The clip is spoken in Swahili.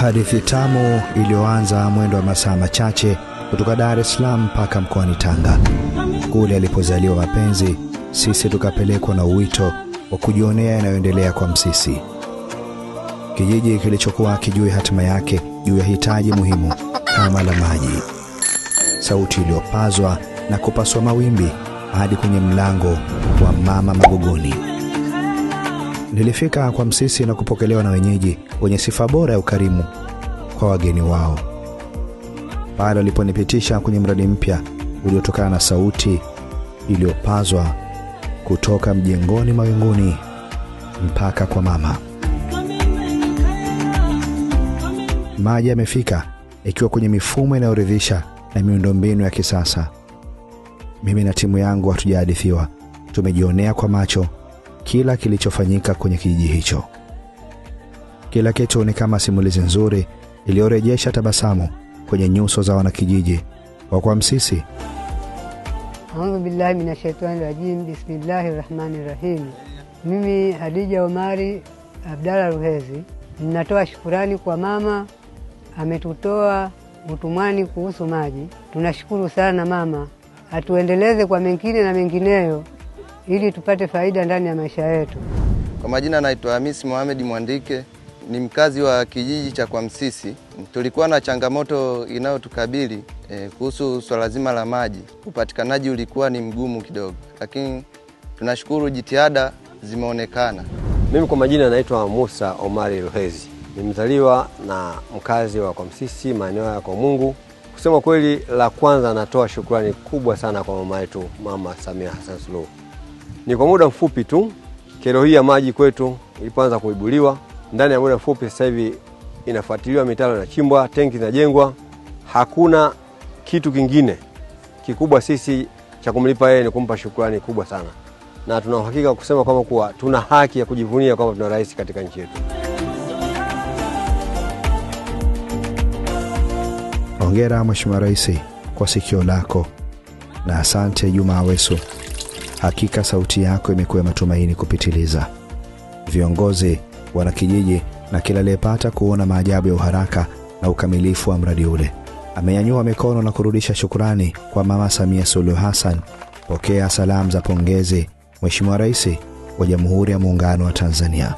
hadithi tamu iliyoanza mwendo wa masaa machache kutoka Dar es Salaam mpaka mkoani Tanga, kule alipozaliwa mapenzi. Sisi tukapelekwa na uwito wa kujionea yanayoendelea kwa Msisi, kijiji kilichokuwa kijui hatima yake juu ya hitaji muhimu kama la maji. Sauti iliyopazwa na kupaswa mawimbi hadi kwenye mlango wa mama Magogoni. Nilifika kwa Msisi na kupokelewa na wenyeji wenye sifa bora ya ukarimu kwa wageni wao. Pale waliponipitisha kwenye mradi mpya uliotokana na sauti iliyopazwa kutoka mjengoni mawinguni mpaka kwa mama. Maji yamefika ikiwa kwenye mifumo inayoridhisha na miundombinu ya kisasa. Mimi na timu yangu hatujahadithiwa, tumejionea kwa macho kila kilichofanyika kwenye kijiji hicho. Kila kitu ni kama simulizi nzuri iliyorejesha tabasamu kwenye nyuso za wanakijiji wa Kwamsisi. Audhu billahi minashaitani rajim, bismillahi rahmani rahim. Mimi Hadija Omari Abdala Ruhezi ninatoa shukurani kwa mama, ametutoa utumwani kuhusu maji. Tunashukuru sana mama, atuendeleze kwa mengine na mengineyo ili tupate faida ndani ya maisha yetu. Kwa majina naitwa Hamisi Mohamed Mwandike, ni mkazi wa kijiji cha Kwamsisi. Tulikuwa na changamoto inayotukabili e, kuhusu swala zima la maji, upatikanaji ulikuwa ni mgumu kidogo, lakini tunashukuru jitihada zimeonekana. Mimi kwa majina naitwa Musa Omari rohezi ni mzaliwa na mkazi wa Kwamsisi, maeneo ya kwa Mungu. Kusema kweli, la kwanza natoa shukrani kubwa sana kwa mama yetu Mama Samia Hassan Suluhu ni kwa muda mfupi tu kero hii ya maji kwetu ilipoanza kuibuliwa, ndani ya muda mfupi sasa hivi inafuatiliwa, mitaro inachimbwa, tenki zinajengwa. Hakuna kitu kingine kikubwa sisi cha kumlipa yeye ni kumpa shukrani kubwa sana, na tuna uhakika kusema kwamba kuwa tuna haki ya kujivunia kwamba tuna rais katika nchi yetu. Hongera Mheshimiwa Rais kwa sikio lako, na asante Juma Aweso. Hakika sauti yako imekuwa matumaini kupitiliza. Viongozi, wanakijiji na kila aliyepata kuona maajabu ya uharaka na ukamilifu wa mradi ule amenyanyua mikono na kurudisha shukurani kwa Mama Samia Suluhu Hassan. Pokea salamu za pongezi, Mheshimiwa Rais wa Jamhuri ya Muungano wa Tanzania.